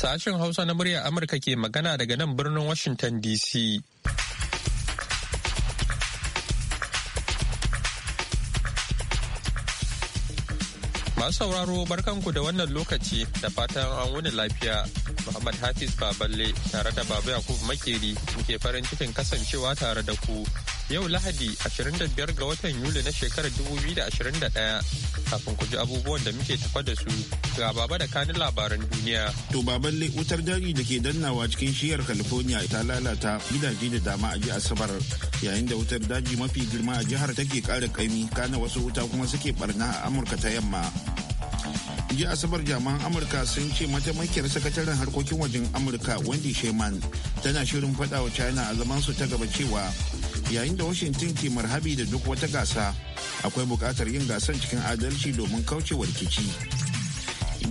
Sashen Hausa na murya Amurka ke magana daga nan birnin Washington DC. Masu sauraro barkanku da wannan lokaci da fatan an wuni lafiya. Muhammad Hafiz Baballe tare da babu Yakubu Makeri ke farin cikin kasancewa tare da ku yau Lahadi 25 ga watan Yuli na shekarar 2021 kafin ku ji abubuwan da muke tafa da su ga baba da kanin labaran duniya. To baban wutar daji da ke dannawa cikin shiyar California ta lalata gidaje da dama a ji Asabar yayin da wutar daji mafi girma a jihar take kara kaimi kana wasu wuta kuma suke barna a Amurka ta yamma. ji asabar jaman amurka sun ce mataimakiyar sakataren harkokin wajen amurka wendy sheman tana shirin faɗawa wa china a zaman su ta gaba cewa yayin da washington ke marhabi da duk wata gasa akwai bukatar yin gasar cikin adalci domin kaucewa rikici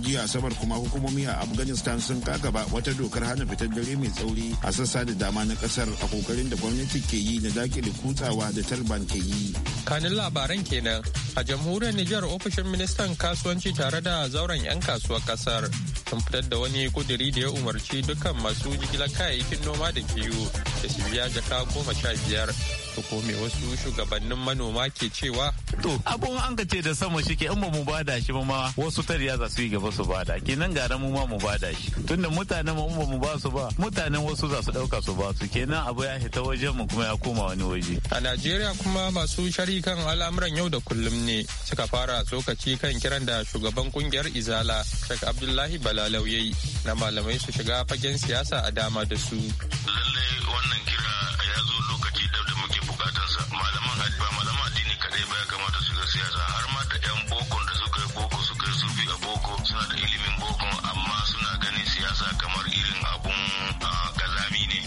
jiya asabar kuma hukumomi a afghanistan sun kagaba wata dokar hana fitar dare mai tsauri a sassa da dama na kasar a kokarin da gwamnati ke yi na dakile kutsawa da talban ke yi kanin labaran kenan a jamhuriyar nijar ofishin ministan kasuwanci tare da zauren 'yan kasuwar kasar sun fitar da wani kuduri da ya umarci dukkan masu jigilar kayayyakin noma da kiwo da su biya jaka goma sha biyar to ko wasu shugabannin manoma ke cewa to abun an ka ce da sama shi ke ba mu bada shi ma wasu tariya za su yi gaba su bada kenan gara mu ma mu bada shi tunda mutanen mu ba mu ba su ba mutanen wasu za su dauka su ba su kenan abu ya hita wajen mu kuma ya koma wani waje a Najeriya kuma masu sharikan kan al'amuran yau da kullum ne suka fara tsokaci kan kiran da shugaban kungiyar Izala Sheikh Abdullahi Bala Balalau na malamai su shiga fagen siyasa a dama da su. Lallai wannan kira ya zo lokaci da da muke bukatarsa malaman ba malaman addini kadai ba ya kamata su shiga siyasa har ma da yan boko da suka yi boko suka yi a boko suna da ilimin boko amma suna ganin siyasa kamar irin abun kazami ne.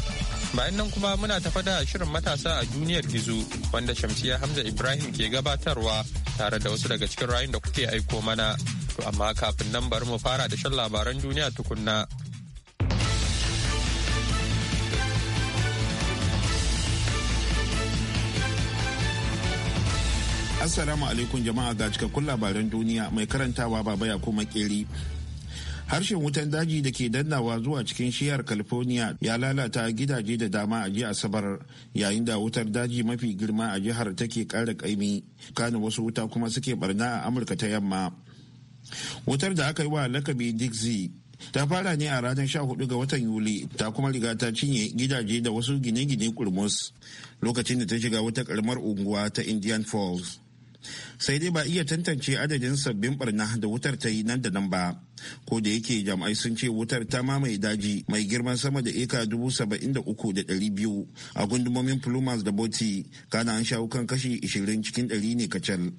Bayan nan kuma muna tafa da shirin matasa a duniyar gizo wanda Shamsiya Hamza Ibrahim ke gabatarwa tare da wasu daga cikin rayun da kuke aiko mana. To amma kafin nan bari mu fara da shan labaran duniya tukunna. Assalamu alaikum jama'a ga cikakkun labaran duniya mai karantawa baba ya kuma keri. Harshen wutan daji da ke dannawa zuwa cikin shiyar California ya lalata gidaje da dama a jiya Asabar yayin da wutar daji mafi girma a jihar take ƙara ƙaimi. kanu wasu wuta kuma suke barna a Amurka ta yamma. wutar da aka yi wa lakabi dixie ta fara ne a ranar 14 ga watan yuli ta kuma riga ta cinye gidaje da wasu gine-gine kurmus lokacin da ta shiga wata karamar unguwa ta indian falls sai dai ba iya tantance adadin sabbin barna da wutar ta yi nan da nan ba ko da yake jam'ai sun ce wutar ta mamaye daji mai girman sama da eka dubu saba'in da uku da dari biyu a gundumomin plumas da boti kana an shawo kan kashi ishirin cikin dari ne kacal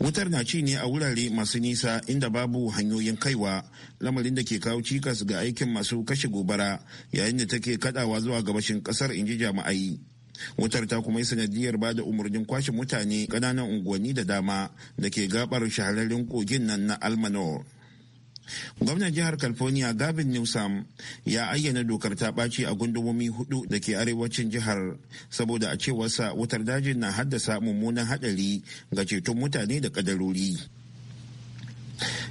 wutar na ci ne a wurare masu nisa inda babu hanyoyin kaiwa lamarin da ke kawo cikas ga aikin masu kashe gobara yayin da take kadawa zuwa gabashin kasar inji jami'ai wutar ta kuma yi sanadiyar ba da umarnin kwashe mutane kananan unguwanni da dama da ke gabar shahararren kogin nan na almanor gwamnan jihar california gavin newsom ya ayyana dokar ta ɓaci a gundumomi hudu da ke arewacin jihar saboda a cewarsa wutar dajin na haddasa mummunan hadari ga ceton mutane da kadarori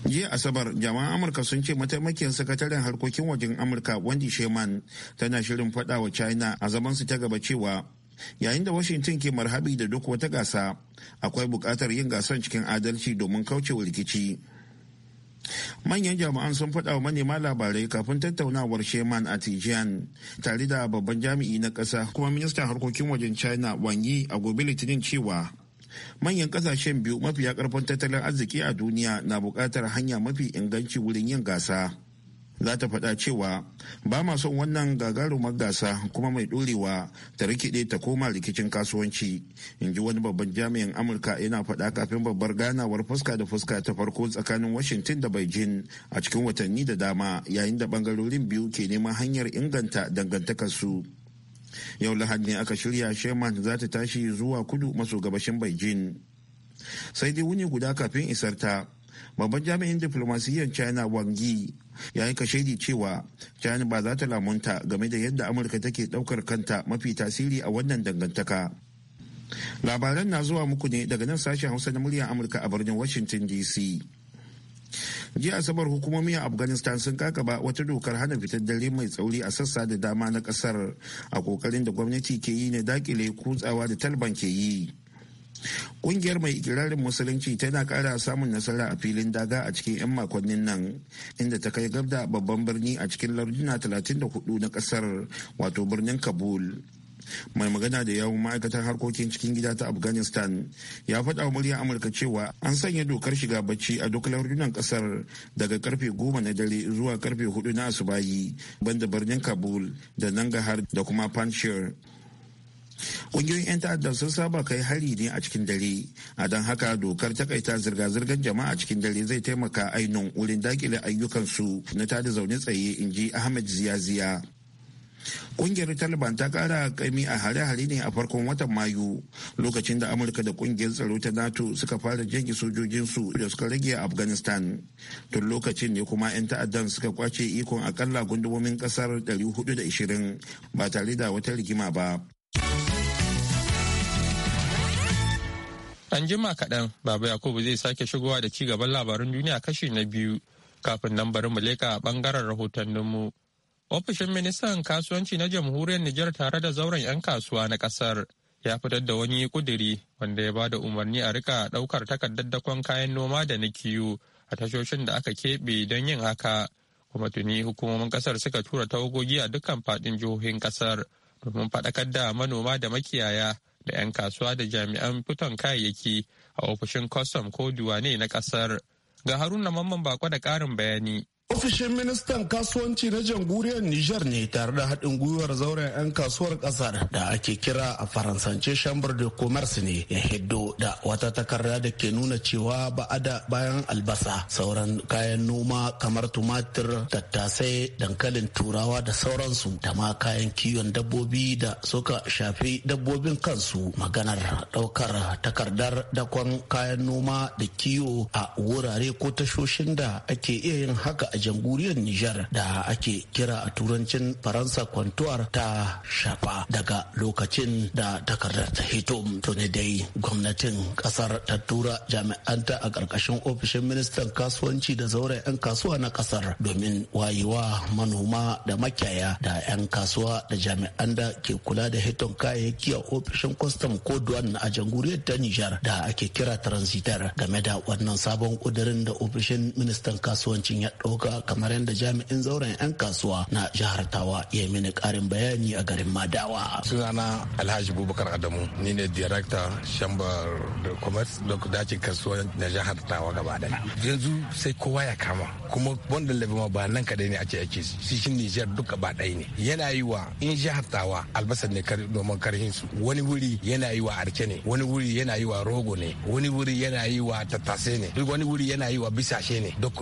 jiya asabar jama'an amurka sun ce mataimakin sakataren harkokin wajen amurka wendy sheman tana shirin faɗa wa china a su ta gaba cewa yayin da washington ke marhabi da duk wata gasa akwai bukatar yin gasan cikin adalci domin kaucewa rikici manyan jami'an sun faɗa wa manema labarai kafin tattaunawar sheman a tijian tare da babban jami'i na ƙasa kuma ministan harkokin wajen china wang yi a gobe litinin cewa manyan ƙasashen biyu mafiya ƙarfin tattalin arziki a duniya na buƙatar hanya mafi inganci wurin yin gasa za ta faɗa cewa ba ma son wannan gagarumar gasa kuma mai ɗorewa ta rikide ta koma rikicin kasuwanci in ji wani babban jami'in amurka yana faɗa kafin babbar ganawar fuska da fuska ta farko tsakanin washington da beijing a cikin watanni da dama yayin da bangarorin biyu ke neman hanyar inganta dangantakarsu yau lahadi ne aka shirya sheman za ta tashi zuwa kudu maso gabashin beijing sai dai wuni guda kafin isarta babban jami'in diplomasiyyar china wang yi ya yi kashedi cewa china ba za ta lamunta game da yadda amurka take daukar kanta mafi tasiri a wannan dangantaka labaran na zuwa muku ne daga nan sashen hausa na muryar amurka a birnin washington dc jiya asabar hukumomi a afghanistan sun kakaba wata dokar hana fitar dare mai tsauri a sassa da dama na kasar a kokarin da gwamnati ke yi ne dakile kutsawa da talban ke yi Kungiyar mai ikirarin musulunci tana kara samun nasara a filin daga a cikin 'yan makonnin nan inda ta kai gabda babban birni a cikin larduna 34 na kasar wato birnin Kabul. mai magana da yawon ma'aikatar harkokin cikin gida ta afghanistan ya faɗa wa muryar amurka cewa an sanya dokar shiga bacci a duk lardunan kasar daga karfe goma na dare zuwa karfe hudu na asubahi banda birnin kabul da nangahar da kuma panchir ƙungiyoyin 'yan ta'adda sun saba kai hari ne a cikin dare a don haka dokar takaita zirga-zirgar jama'a cikin dare zai taimaka ainun wurin dakile ayyukansu na tada zaune tsaye in ji ahmed ziya-ziya Kungiyar Taliban ta kara kaimi a hare-hare ne a farkon watan Mayu lokacin da Amurka da kungiyar tsaro ta NATO suka fara jirgin sojojinsu da suka rage a Afghanistan. Tun lokacin ne kuma 'yan ta'addan suka kwace ikon akalla gundumomin kasar 420 ba tare da wata rigima ba. Ɗan jima kaɗan Baba Yakubu zai sake shigowa da ci gaban labarun duniya kashi na biyu kafin nan bari mu leƙa ɓangaren rahotanninmu. Ofishin ministan kasuwanci na jamhuriyar Nijar tare da zauren 'yan kasuwa na ƙasar ya fitar da wani ƙudiri wanda ya ba da umarni a rika ɗaukar takardar dakon kayan noma da na kiwo a tashoshin da aka keɓe don yin haka. Kuma tuni hukumomin ƙasar suka tura tawagogi a dukkan faɗin jihohin ƙasar domin faɗakar da manoma da makiyaya da 'yan kasuwa da jami'an fiton kayayyaki a ofishin kwastam ko duwane na kasar ga haruna mamman bako da ƙarin bayani Ofishin ministan kasuwanci na jamhuriyar Nijar ne tare da haɗin gwiwar zauren 'yan kasuwar ƙasar da ake kira a faransance chambre de commerce ne ya hiddo da wata takarda da ke nuna cewa ba a da bayan albasa sauran kayan noma kamar tumatir tattasai dankalin turawa da sauransu da ma kayan kiwon dabbobi da suka shafi dabbobin kansu maganar ɗaukar takardar dakon kayan noma da kiwo a wurare ko tashoshin da ake iya yin haka a jamhuriyar Nijar da ake kira a turancin Faransa kwantuwar ta shafa daga lokacin da takardar ta hito. Tuni dai gwamnatin kasar ta tura jami'anta a ƙarƙashin ofishin ministan kasuwanci da zauren 'yan kasuwa na kasar domin wayewa manoma da makiyaya da 'yan kasuwa da jami'an da ke kula da hiton kayayyaki a ofishin kwastam ko duwan a jamhuriyar ta Nijar da ake kira transitar game da wannan sabon ƙudurin da ofishin ministan kasuwancin ya ɗauka kasuwa kamar yadda jami'in zauren 'yan kasuwa na jihar Tawa ya mini karin bayani a garin Madawa. Sunana Alhaji Bubakar Adamu ni ne Director Chamber da Commerce da dacin kasuwa na jihar Tawa gaba daya. Yanzu sai kowa ya kama kuma wanda ma ba nan kadai ne ce ake shi Nijar duka ba ɗaya ne. Yana yi wa in jihar Tawa albasar ne noman karhin su wani wuri yana yi wa arke ne wani wuri yana yi wa rogo ne wani wuri yana yi wa tattase ne duk wani wuri yana yi wa bisashe ne duk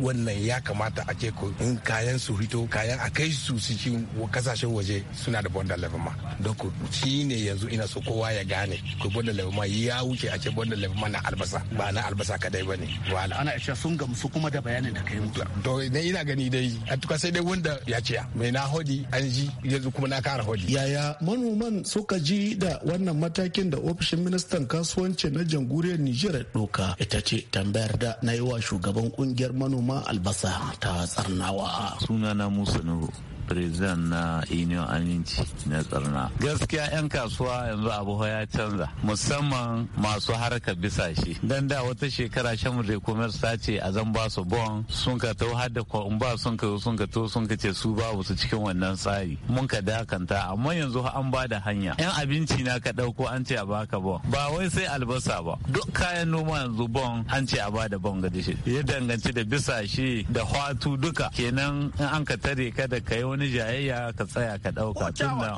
wannan ya kamata kamata a ce ko in kayan su hito kayan a kai su cikin kasashen waje suna da bonda lebama don ku shi ne yanzu ina so kowa ya gane ku bonda lebama ya wuce a ce bonda lebama na albasa ba na albasa kadai ba ne wala ana iya sun gamsu kuma da bayanin da kai mutu to ne ina gani dai a tuka sai dai wanda ya ciya mai na hodi an ji yanzu kuma na kara hodi yaya manoman suka ji da wannan matakin da ofishin ministan kasuwanci na jamhuriyar Nijar doka ita ce tambayar da na yi wa shugaban kungiyar manoma albasa ta tsarnawa na musa nuhu president na union aminci na tsarna gaskiya 'yan kasuwa yanzu abu ya canza musamman masu harka bisa shi dan da wata shekara shamu da commerce ta ce a zan ba su bon sun ka tau har da ba sun ka sun ka to sun ka ce su babu su cikin wannan tsari mun ka dakanta amma yanzu an ba da hanya 'yan abinci na ka dauko an ce a baka bon ba wai sai albasa ba duk kayan noma yanzu bon an ce a ba da bon ga ya danganci da bisa shi da hatu duka kenan in an ka tare ka da kai wani jayayya ka tsaya ka dauka tunda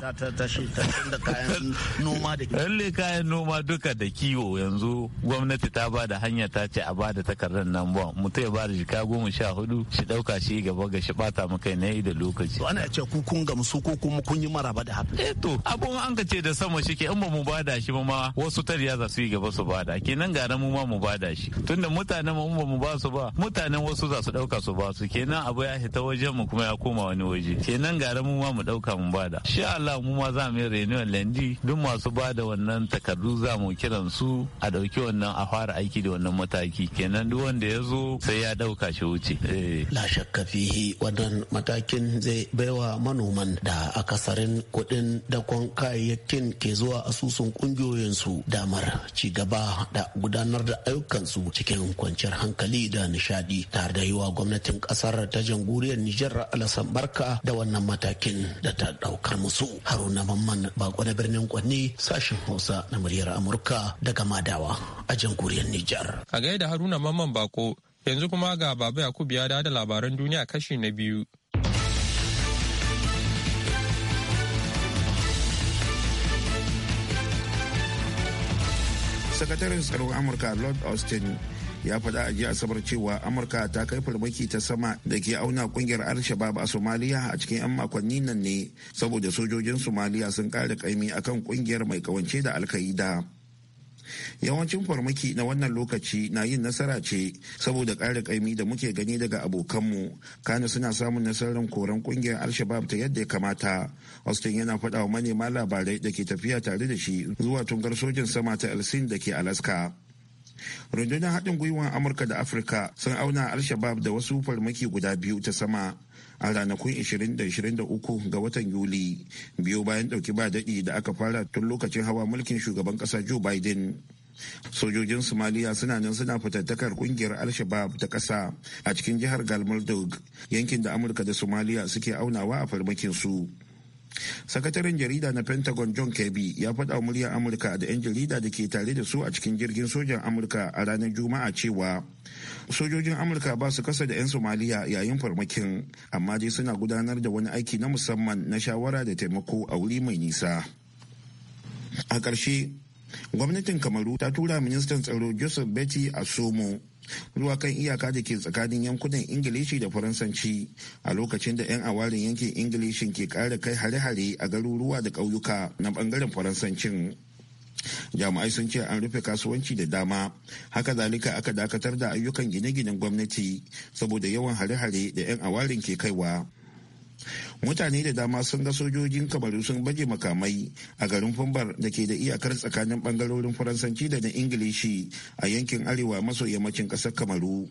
da kayan noma da kiwo. kayan noma duka da kiwo yanzu gwamnati ta ba da hanya ta ce a ba da takardar nan ba mutum ya ba da jika goma sha hudu shi dauka shi gaba ga shi bata maka na yi da lokaci. ana ce ku kun gamsu ko kuma kun yi maraba da haka. eh to abun an ka ce da sama shi ke in ba mu bada shi ba ma wasu tarya za su yi gaba su bada kenan gara mu ma mu bada shi tunda mutanen mu ba mu ba su ba mutanen wasu za su dauka su ba su kenan abu ya hita wajen mu kuma ya koma wani waje. kenan gara mu ma mu dauka mu bada shi Allah mu ma za mu yi renewal landi duk masu bada wannan takardu za mu kiran su a dauki wannan a fara aiki da wannan mataki kenan duk wanda ya zo sai ya dauka shi wuce eh. la shakka fihi wannan matakin zai baiwa manoman da akasarin kuɗin dakon kayayyakin ke zuwa asusun ƙungiyoyinsu damar ci gaba da gudanar da ayyukansu cikin kwanciyar hankali da nishadi tare da yiwa gwamnatin kasar ta jamhuriyar Nijar alasan barka da wannan matakin da ta ɗaukar musu haruna mamman bako na birnin kwanni sashen hausa na muryar amurka daga madawa a jamhuriyar nijar a gaida haruna mamman bako yanzu kuma ga baba yakubu ya da labaran duniya kashi na biyu sakataren tsaron amurka lord austin ya faɗa a jiya asabar cewa amurka ta kai farmaki ta sama da ke auna kungiyar al-shabab a somaliya a cikin 'yan makonni nan ne saboda sojojin somaliya sun ƙara kaimi akan kungiyar mai kawance da alkaida yawancin farmaki na wannan lokaci na yin nasara ce saboda ƙara kaimi da muke gani daga abokanmu kana suna samun nasarar koran kungiyar alshabab ta yadda ya kamata austin yana faɗa manema labarai da ke tafiya tare da shi zuwa tungar sojin sama ta elsin da ke alaska rundunar haɗin gwiwar amurka da afirka sun auna al-shabab da wasu farmaki guda biyu ta sama a ranakun 20 23 ga watan yuli biyu bayan ɗauki ba daɗi da aka fara tun lokacin hawa mulkin shugaban ƙasa joe biden sojojin somaliya suna nan suna fitattakar kungiyar al-shabab ta ƙasa a cikin jihar galmudug yankin da amurka da somaliya suke aunawa a farmakin su sakataren jarida na pentagon john kirby ya faɗa wa muryar amurka da 'yan jarida da ke tare da su a cikin jirgin sojan amurka a ranar juma'a cewa sojojin amurka ba su kasa da 'yan somaliya yayin farmakin amma dai suna gudanar da wani aiki na musamman na shawara da taimako a wuri mai nisa a ƙarshe gwamnatin kamaru ta tura ministan tsaro joseph betty asomo ruwa kan iyaka da ke tsakanin yankunan ingilishi da faransanci a lokacin da 'yan awarin yankin ingilishi ke kara kai hare-hare a garuruwa da ƙauyuka na ɓangaren faransancin jami'ai sun ce an rufe kasuwanci da dama haka zalika aka dakatar da ayyukan gine-ginen gwamnati saboda yawan hare-hare da 'yan awarin ke kaiwa mutane da dama sun ga sojojin kabaru sun baje makamai a garin fumbar da ke da iyakar tsakanin bangarorin faransanci da na ingilishi a yankin arewa maso yammacin kasar kamaru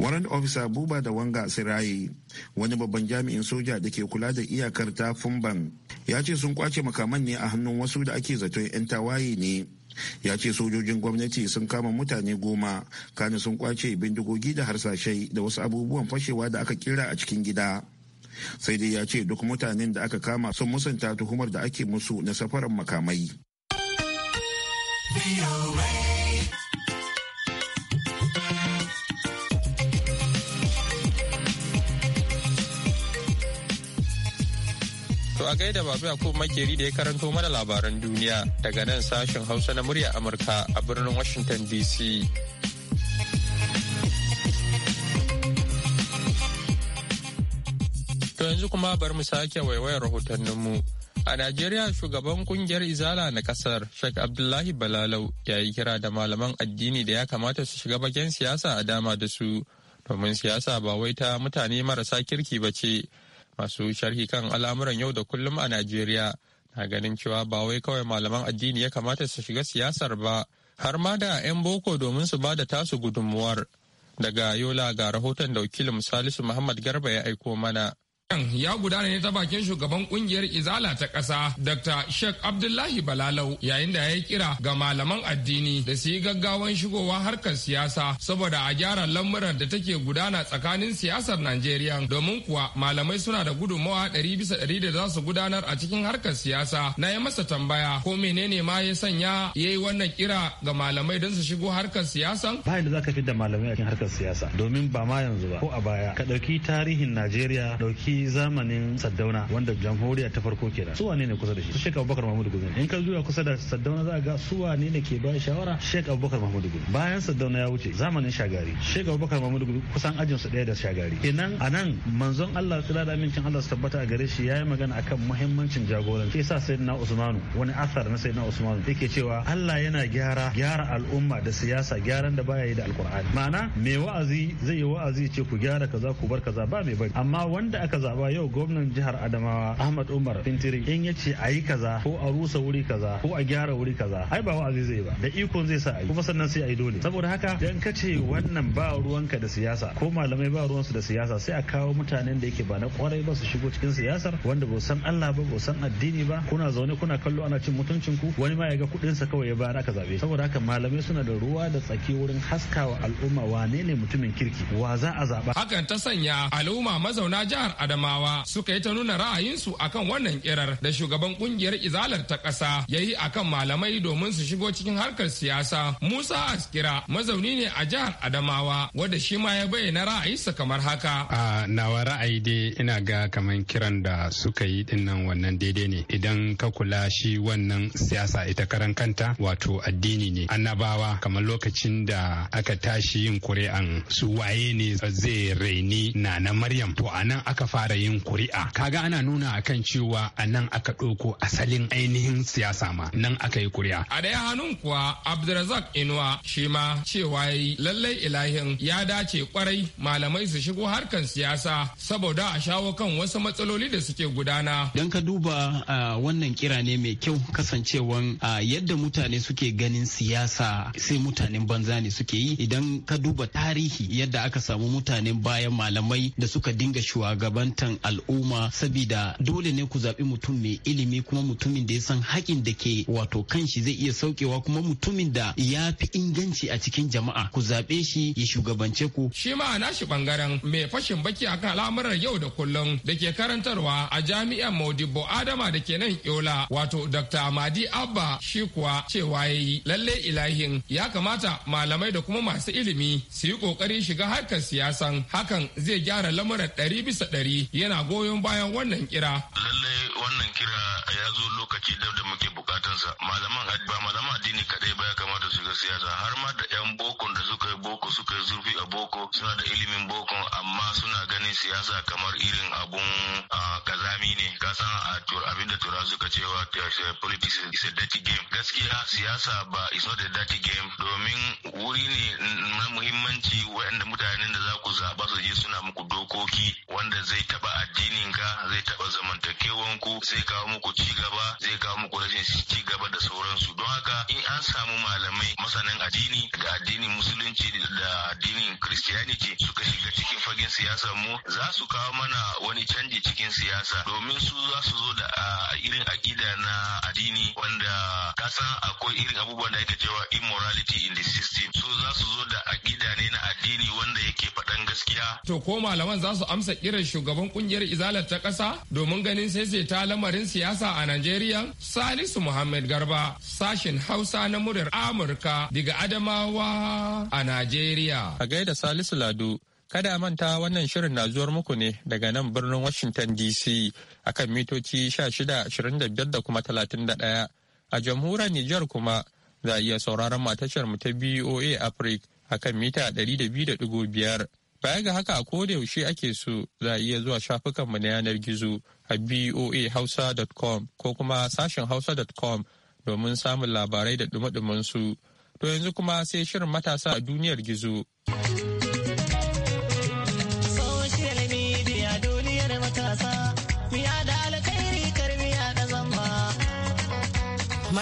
warrant officer buba da wanga sirayi wani babban jami'in soja da ke kula da iyakar ta fumban ya ce sun kwace makaman ne a hannun wasu da ake zato 'yan tawaye ne ya ce sojojin gwamnati sun kama mutane goma kani sun kwace bindigogi da harsashai da wasu abubuwan fashewa da aka kira a cikin gida sai dai ya ce duk mutanen da aka kama sun musanta tuhumar da ake musu na safarar makamai To a gaida Babu Yakub Makeri da ya karanto mana labaran duniya daga nan sashen Hausa na murya Amurka a birnin Washington DC. yanzu kuma bari mu sake waiwayar rahotanninmu. A Najeriya shugaban kungiyar Izala na kasar Sheikh Abdullahi Balalau ya yi kira da malaman addini da ya kamata su shiga bakin siyasa a dama da su domin siyasa ba wai ta mutane marasa kirki ba ce. Masu sharhi kan al'amuran yau da kullum a Najeriya na ganin cewa ba wai kawai malaman addini ya kamata su shiga siyasar ba har ma da 'yan boko domin su ba da tasu gudunmuwar. Daga Yola ga rahoton da wakilin Salisu Muhammad Garba ya aiko mana. ya gudana ne ta bakin shugaban kungiyar izala ta ƙasa dr sheikh abdullahi balalau yayin da ya yi kira ga malaman addini da su yi gaggawan shigowa harkar siyasa saboda a gyara lamuran da take gudana tsakanin siyasar najeriya domin kuwa malamai suna da gudunmawa ɗari bisa ɗari da za su gudanar a cikin harkar siyasa na ya masa tambaya ko menene ma ya sanya ya yi wannan kira ga malamai don su shigo harkar siyasan. bayan da za ka malamai a cikin harkar siyasa domin ba ma yanzu ba ko a baya ka ɗauki tarihin najeriya ɗauki zamanin saddauna wanda jamhuriya ta farko kenan su wane ne kusa da shi shek abubakar mahmud guzun in ka zuwa kusa da saddauna za ga su wane ne ke ba shawara shek abubakar mahmud guzun bayan saddauna ya wuce zamanin shagari shek abubakar mahmud guzun kusan ajin su daya da shagari kenan anan manzon Allah tsira da amincin Allah su tabbata a gare shi yayi magana akan muhimmancin jagoranci yasa sayyidina usmanu wani asar na sayyidina usmanu yake cewa Allah yana gyara gyara al'umma da siyasa gyaran da baya yi da alkur'ani ma'ana mai wa'azi zai yi wa'azi ce ku gyara kaza ku bar kaza ba mai bari amma wanda aka zaba yau gwamnan jihar Adamawa Ahmad Umar Tintiri in ya ce a yi kaza ko a rusa wuri kaza ko a gyara wuri kaza ai ba wa'azi zai ba da iko zai sa a yi kuma sannan sai a dole saboda haka dan ka ce wannan ba ruwanka da siyasa ko malamai ba ruwansu da siyasa sai a kawo mutanen da yake ba na kwarai ba su shigo cikin siyasar wanda ba san Allah ba ba san addini ba kuna zaune kuna kallo ana cin mutuncin ku wani ma ya ga kudin sa kawai ya bayar aka zabe saboda haka malamai suna da ruwa da tsaki wurin haskawa al'umma wane ne mutumin kirki wa za a zaba hakan ta sanya al'umma mazauna jihar Adamawa Adamawa suka yi ta nuna ra'ayinsu akan wannan kirar da shugaban kungiyar izalar ta ƙasa ya yi akan malamai domin su shigo cikin harkar siyasa. Musa Askira mazauni ne a jihar Adamawa wanda shi ma ya bayyana ra'ayinsa kamar haka. A nawa ra'ayi dai ina ga kamar kiran da suka yi dinnan wannan daidai ne idan ka kula shi wannan siyasa ita karan kanta wato addini ne annabawa kamar lokacin da aka tashi yin kuri'an su waye ne zai raini na na Maryam to anan aka fara fara yin kuri'a kaga ana nuna akan cewa a nan aka ɗauko asalin ainihin siyasa ma nan aka yi kuri'a a daya hannun kuwa abdulrazak inuwa shi ma cewa yayi lallai ilahin ya dace kwarai malamai su shigo harkan siyasa saboda a shawo kan wasu matsaloli da suke gudana dan ka duba wannan kira ne mai kyau kasancewan yadda mutane suke ganin siyasa sai mutanen banza ne suke yi idan ka duba tarihi yadda aka samu mutanen bayan malamai da suka dinga shugaban zaluntan al'umma sabida dole ne ku zaɓi mutum mai ilimi kuma mutumin da ya san haƙin da ke wato kan shi zai iya saukewa kuma mutumin da ya fi inganci a cikin jama'a ku zaɓe shi ya shugabance ku. Shi ma a nashi ɓangaren mai fashin baki akan al'amuran yau da kullum da ke karantarwa a jami'an maudibo Adama da ke nan Yola wato Dr. Amadi Abba shi kuwa cewa ya yi lallai ilahin ya kamata malamai da kuma masu ilimi su yi ƙoƙarin shiga harkar siyasan hakan zai gyara lamuran ɗari bisa ɗari yana goyon bayan wannan kira. wannan kira ya zo lokaci da da muke bukatansa malaman ba malaman addini kadai ba ya kamata su ga siyasa har ma da yan boko da suka yi boko suka yi zurfi a boko suna da ilimin boko. amma suna ganin siyasa kamar irin abun kazami ne kasan a abin da tura suka cewa eh, eh, politics is a dirty game gaskiya siyasa ba is not a dirty game domin wuri ne na muhimmanci waɗanda mutanen da za ku zaɓa su je suna muku dokoki wanda zai taɓa addinin ka zai taɓa zamantakewanku. zai kawo muku ci gaba zai kawo muku rashin ci gaba da sauransu don haka in an samu malamai masanan addini da addinin musulunci da addinin christianity suka shiga cikin fagen siyasa mu za su kawo mana wani canji cikin siyasa domin su za su zo da irin akida na addini wanda kasan akwai irin abubuwan da ake cewa immorality in the system gaskiya. To ko malaman za su amsa ƙirar shugaban kungiyar izalar ta ƙasa domin ganin sai ta lamarin siyasa a Najeriya? Salisu Muhammad Garba sashen Hausa na muryar Amurka daga Adamawa a Najeriya. A gaida Salisu Lado. Kada manta wannan shirin na zuwar muku ne daga nan birnin Washington DC kan mitoci 16, da kuma 31. A jamhuriyar Nijar kuma za a iya sauraron matashar mu ta BOA Africa a kan mita 200.5 Baya ga haka a kodayaushe yaushe ake so za a iya zuwa shafukanmu na yanar gizo a boahausa.com ko kuma sashen hausa.com domin samun labarai da dumadumansu. To yanzu kuma sai shirin matasa a duniyar gizo.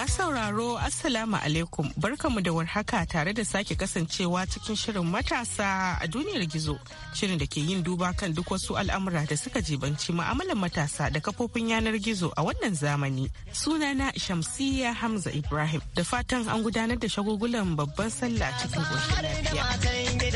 sauraro Assalamu alaikum barkamu da warhaka tare da sake kasancewa cikin shirin matasa a duniyar gizo shirin da ke yin duba kan duk wasu al'amura da suka jibanci ma'amalar matasa da kafofin yanar gizo a wannan zamani. Sunana Shamsiyya Hamza Ibrahim da fatan an gudanar da shagugulan babban sallah cikin lafiya.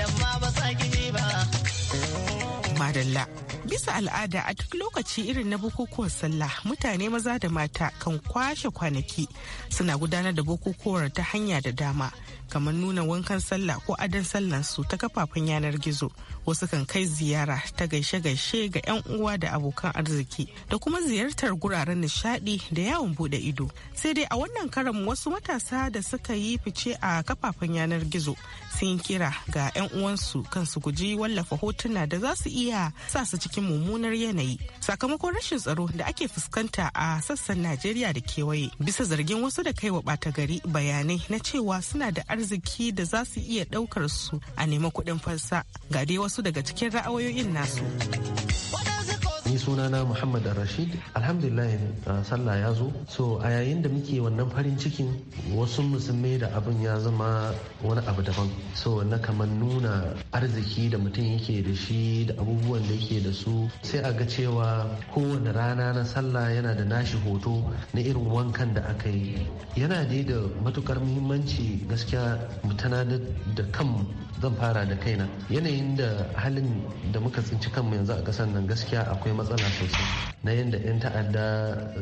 Madalla. Bisa al'ada a duk lokaci irin na bukukuwan sallah mutane maza da mata kan kwashe kwanaki suna gudanar da bukukuwar ta hanya da dama kamar nuna wankan sallah ko adan sallan su ta kafafen yanar gizo wasu kan kai ziyara ta gaishe-gaishe ga 'yan uwa da abokan arziki da kuma ziyartar guraren nishadi da yawon bude ido sai dai a wannan karam wasu matasa da suka yi fice a kafafen yanar gizo sun kira ga 'yan uwansu kan su guji wallafa hotuna da za su iya sa su cikin mummunar yanayi sakamakon rashin tsaro da ake fuskanta a sassan najeriya da kewaye bisa zargin wasu da kaiwa bata gari bayanai na cewa suna da arziki da za su iya ɗaukar su a nemi kuɗin fansa ga dai wasu daga cikin ra'ayoyin nasu. sunana muhammad rashid alhamdulillah eh, sallah ya zo so a yayin da muke wannan farin cikin wasu musulmai da abin ya zama wani abu daban so na kamar nuna arziki da mutum yake da shi da abubuwan da yake da su sai a ga cewa kowane rana na sallah yana da nashi hoto na irin wankan da aka yi yana dai da matukar muhimmanci gaskiya mu tanadar da kanmu zan fara da kaina yanayin da halin da muka tsinci kanmu yanzu a kasar nan gaskiya akwai matsala matsala sosai na yadda 'yan ta'adda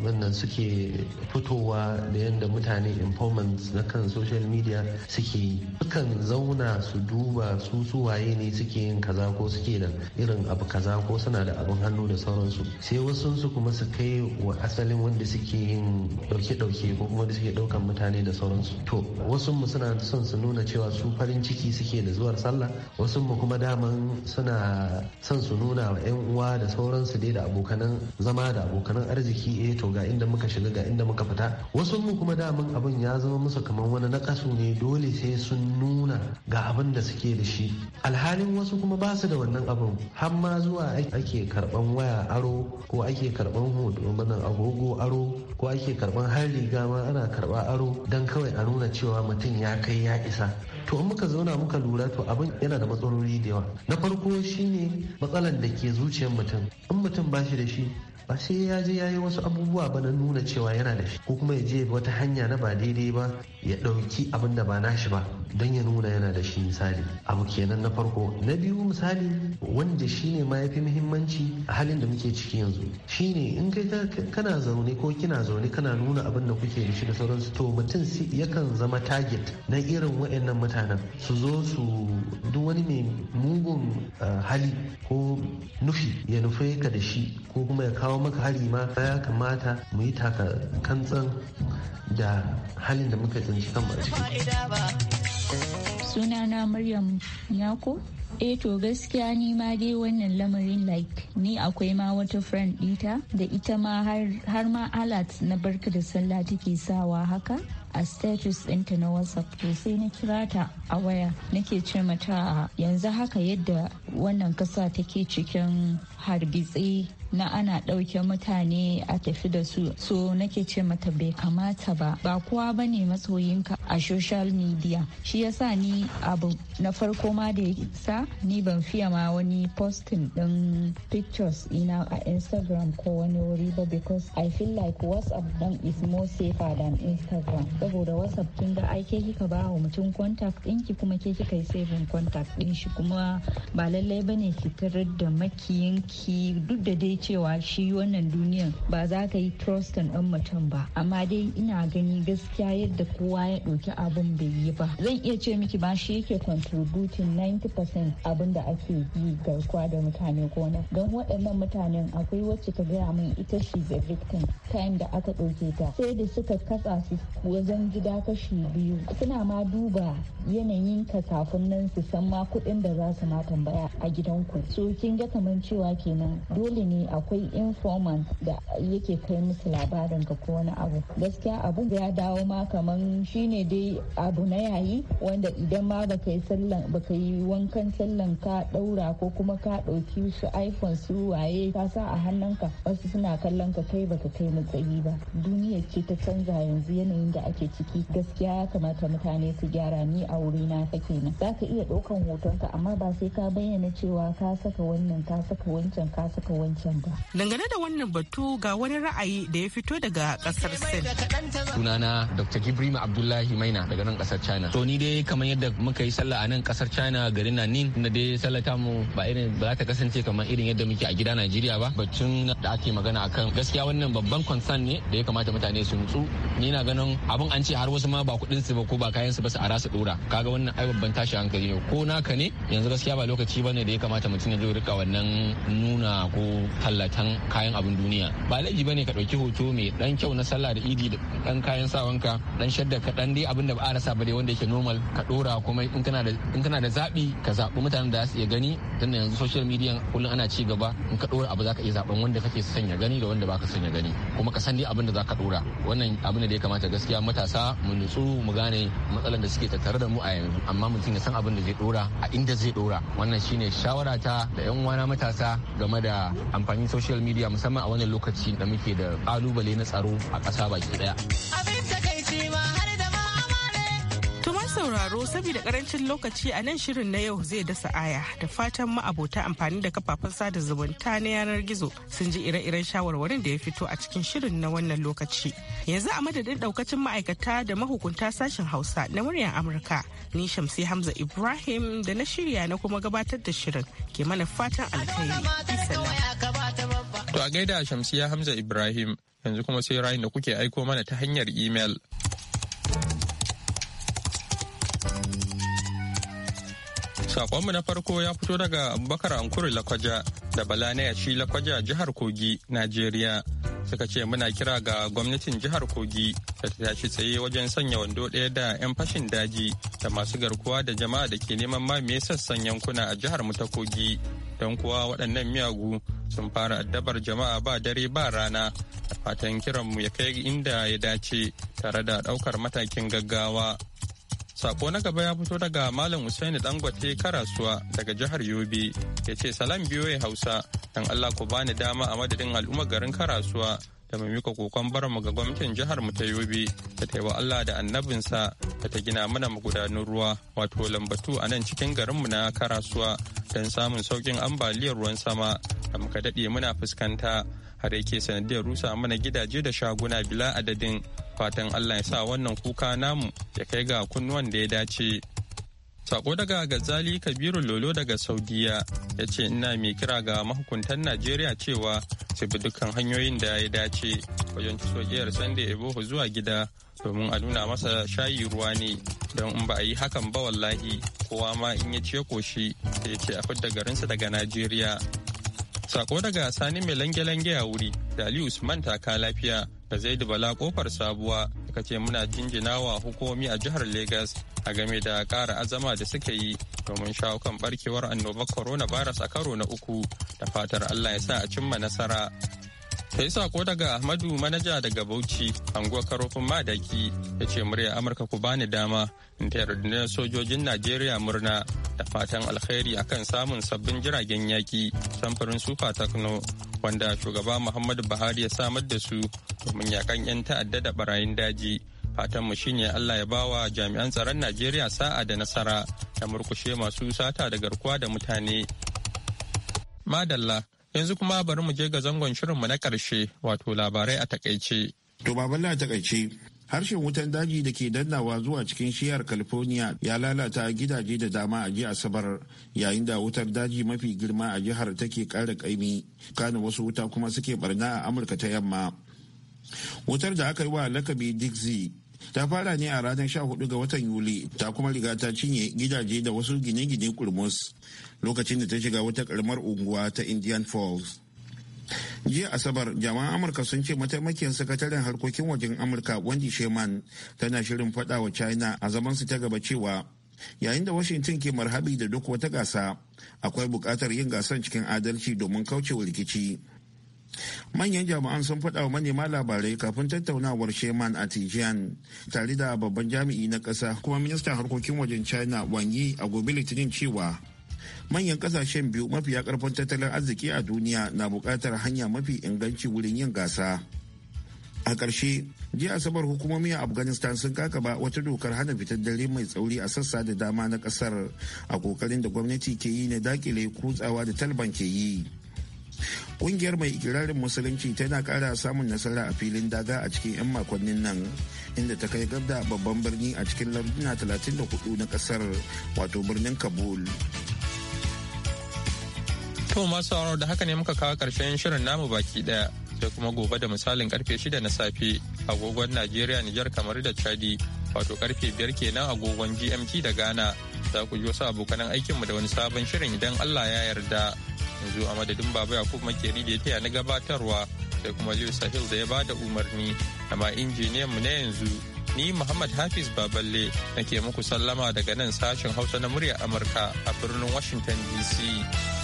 wannan suke fitowa da yadda mutane informants na kan social media suke yi sukan zauna su duba su waye ne suke yin kaza ko suke da irin abu kaza ko suna da abin hannu da sauransu sai wasu su kuma su kai wa asalin wanda suke yin dauke-dauke ko kuma suke daukan mutane da sauransu to wasu mu suna son su nuna cewa su farin ciki suke da zuwar sallah wasu mu kuma daman suna son su nuna wa 'yan uwa da sauransu dai da abokanan zama da abokanan arziki eh to ga inda muka shiga ga inda muka fita wasu mu kuma daman abin ya zama musu kamar wani nakasu ne dole sai sun nuna ga abin da suke da shi alhalin wasu kuma ba su da wannan abin har ma zuwa ake karban waya aro ko ake karban hoto mana agogo aro ko ake karban har riga ma ana karba aro dan kawai a nuna cewa mutum ya kai ya isa to in muka zauna muka lura to abin yana da matsaloli da yawa na farko shine matsalan da ke zuciyar mutum in mutum ba shi da shi ba sai ya je ya yi wasu abubuwa ba na nuna cewa yana da shi ko kuma ya je wata hanya na ba daidai ba ya ɗauki abin da ba nashi ba don ya nuna yana da shi misali abu kenan na farko na biyu misali wanda shi ne ma ya fi muhimmanci a halin da muke ciki yanzu shi ne in kai kana zaune ko kina zaune kana nuna abin da kuke da shi da sauransu to mutum yakan zama target na irin waɗannan mutanen su zo su duk wani mai mugun eh, hali ko nufi ya nufe ka da shi ko kuma ya kawo kawo maka hari ma ya kamata mu yi da halin da muka tsinci kanmu a ciki sunana maryam nyako eh to gaskiya ni ma dai wannan lamarin like ni akwai ma wata friend dita da ita ma har ma alert na barka da sallah take sawa haka a status ɗinta na whatsapp to sai na kira ta a waya nake ce mata yanzu haka yadda wannan kasa take cikin hargitsi na ana ɗauke mutane a tafi da su so nake ce mata bai kamata ba ba kowa ba ne masoyinka a social media shi yasa ni abu na farko ma da ya sa ni ban fiya ma wani postin din pictures ina a instagram ko wani wuri ba because i feel like whatsapp dan is more safer than instagram saboda whatsapp kin ga ai kika ba wa mutum contact ɗinki kuma ke kika yi saving contact ɗin shi kuma ba lallai bane ki tarar da makiyinki duk da dai cewa shi wannan duniyan ba za ka yi trustin ɗan mutum ba amma dai ina gani gaskiya yadda kowa ya ɗauki abun bai yi ba zan iya ce miki ba shi yake contributing 90% abin da ake yi garkuwa da mutane gona don waɗannan mutanen akwai wacce ta gaya min ita shi da victim ta da aka ɗauke ta sai da suka katsa su wajen gida kashi biyu suna ma duba yanayin ka kafin nan su san ma kuɗin da za su ma tambaya a ku so kin ga kamar cewa kenan dole ne akwai informant da yake kai musu labarin ka ko wani abu gaskiya abu ya dawo ma kamar shine dai abu na yayi wanda idan ma baka yi sallan baka yi wankan sallan ka daura ko kuma ka dauki su iphone su waye ka sa a hannunka wasu suna kallon ka kai baka kai matsayi ba duniya ce ta canza yanzu yanayin da ake ciki gaskiya ya kamata mutane su gyara ni a wuri na nan. za ka iya daukan hotonka amma ba sai ka bayyana cewa ka saka wannan ka saka wancan ka saka wancan ba dangane da wannan batu ga wani ra'ayi da ya fito daga kasar sin sunana dr gibrima abdullahi maina daga nan kasar china to ni dai kamar yadda muka yi sallah a nan kasar china garin na ni Benin na dai salata mu ba irin ba za ta kasance kamar irin yadda muke a gida Najeriya ba baccin da ake magana akan gaskiya wannan babban concern ne da ya kamata mutane su nutsu ni na ganin abin an ce har wasu ma ba kuɗin su ba ko ba kayan su ba su ara su dora kaga wannan ai babban tashi hankali ne ko naka ne yanzu gaskiya ba lokaci bane da ya kamata mutum ya zo rika wannan nuna ko tallatan kayan abin duniya ba laifi bane ka dauki hoto mai dan kyau na sallah da idi da dan kayan sawanka dan shadda ka dan dai abin da ba a rasa ba dai wanda yake normal ka dora kuma in kana da in kana da zabi ka zabi kuma mutanen da su iya gani tun da yanzu social media kullum ana ci gaba in ka ɗora abu zaka iya zaben wanda kake sanya gani da wanda baka sanya gani kuma ka san dai abin da za ka dora wannan abin da ya kamata gaskiya matasa mu nutsu mu gane matsalar da suke tattare da mu a yanzu amma mutum ya san abin da zai dora a inda zai dora wannan shine shawara ta da yan uwana matasa game da amfanin social media musamman a wannan lokaci da muke da kalubale na tsaro a kasa baki daya. sauraro saboda karancin lokaci a nan shirin na yau zai dasa aya da fatan ma'abota amfani da kafafen sada zumunta na yanar gizo sun ji ire-iren shawarwarin da ya fito a cikin shirin na wannan lokaci. Yanzu a madadin daukacin ma'aikata da mahukunta sashen Hausa na muryar Amurka ni Shamsi Hamza Ibrahim da na shirya na kuma gabatar da shirin ke mana fatan alkhairi. To a gaida Shamsiya Hamza Ibrahim yanzu kuma sai ra'ayin da kuke aiko mana ta hanyar imel. Sakonmu na farko ya fito daga Abubakar Ankuri Lakwaja da Bala na yashi Lakwaja jihar Kogi, Najeriya. Suka ce muna kira ga gwamnatin jihar Kogi da ta tashi tsaye wajen sanya wando ɗaya da 'yan fashin daji da masu garkuwa da jama'a da ke neman ma me sassan yankuna a jihar mu ta Kogi. Don kuwa waɗannan miyagu sun fara addabar jama'a ba dare ba rana da fatan kiranmu ya kai inda ya dace tare da ɗaukar matakin gaggawa. Sako na gaba ya fito daga Malam Usaini Dangote Karasuwa daga jihar Yobe ya ce salam ya Hausa don Allah ku bani dama a madadin al'ummar garin Karasuwa da mai mika kokon mu ga gwamnatin jihar mu ta Yobe da ta yi wa Allah da annabinsa da ta gina mana magudanun ruwa wato lambatu a nan cikin garin mu na Karasuwa don samun saukin ambaliyar ruwan sama da muka daɗe muna fuskanta. har yake sanadiyar rusa mana gidaje da shaguna bila adadin fatan allah ya sa wannan kuka namu ya kai ga kunnuwan da ya dace sako daga gazali kabiru lolo daga saudiya ya ce ina mai kira ga mahukuntan najeriya cewa su bi dukkan hanyoyin da ya dace wajen sojiyar sunday eboho zuwa gida domin a nuna masa shayi ruwa ne don in ba a yi hakan ba wallahi kowa ma in ya ce koshi da ya ce a fidda garinsa daga najeriya Sako daga Sani mai lange-lange a wuri da Ali Usman taka lafiya da Zaidu Bala kofar sabuwa ka ce muna jinjina wa hukumomi a jihar Legas a game da kara azama da suka yi domin shawo kan barkewar annobar coronavirus a karo na uku da fatar Allah ya sa a cimma nasara. sai sako daga ahmadu manaja daga bauchi anguwa karofin madaki ya ce murya amurka ku bani dama in ta rundunar sojojin najeriya murna da fatan alkhairi akan samun sabbin jiragen yaki samfurin sufa wanda shugaba muhammadu buhari ya samar da su domin yakan 'yan ta'adda da barayin daji fatan mu shine allah ya bawa jami'an tsaron najeriya sa'a da nasara da murkushe masu sata da garkuwa da mutane madalla Yanzu kuma bari mu je ga zangon shirinmu na ƙarshe wato labarai a takaice. To baballa a takaice harshen wutan daji da ke dannawa zuwa cikin shiyar california ya lalata gidaje da dama a jiya asabar yayin da wutar daji mafi girma a jihar take kara ƙa'imi kanin wasu wuta kuma suke barna a amurka ta yamma wutar da aka yi wa lakabi dixie ta fara ne a ranar 14 ga watan yuli ta kuma riga ta cinye gidaje da wasu gine-gine kurmus lokacin da ta shiga wata karamar unguwa ta indian falls jiya asabar jama'an amurka sun ce mataimakiyar sakataren harkokin wajen amurka wendy sheman tana shirin faɗa wa china a su ta gaba cewa yayin da washington ke marhabi da duk wata gasa akwai buƙatar yin gasan cikin adalci domin kaucewa rikici manyan jami'an sun faɗa wa manema labarai kafin tattaunawar sheman a tijian tare da babban jami'i na ƙasa kuma ministan harkokin wajen china wang yi a gobe litinin cewa manyan ƙasashen biyu mafiya ƙarfin tattalin arziki a duniya na buƙatar hanya mafi inganci wurin yin gasa a ƙarshe jiya asabar hukumomi a afghanistan sun kakaba wata dokar hana fitar dare mai tsauri a sassa da dama na ƙasar a kokarin da gwamnati ke yi na dakile kutsawa da talban ke yi kungiyar mai ikirarin musulunci tana kara samun nasara a filin daga a cikin 'yan makonnin nan inda ta kai gabda babban birni a cikin larduna 34 na kasar wato birnin Kabul. To masu sauraro da haka ne muka kawo karshen shirin namu baki ɗaya sai kuma gobe da misalin karfe 6 na safe agogon Najeriya niger kamar da Chadi wato karfe 5 kenan agogon GMT da Ghana za ku ji wasu abokanan aikinmu da wani sabon shirin idan Allah ya yarda. yanzu a madadin baba yakub makeri da ya taya na gabatarwa sai kuma liyu sahil da ya bada umarni da ma injiniyan mu na yanzu ni muhammad hafiz baballe nake muku sallama daga nan sashen hausa na muryar amurka a birnin washington dc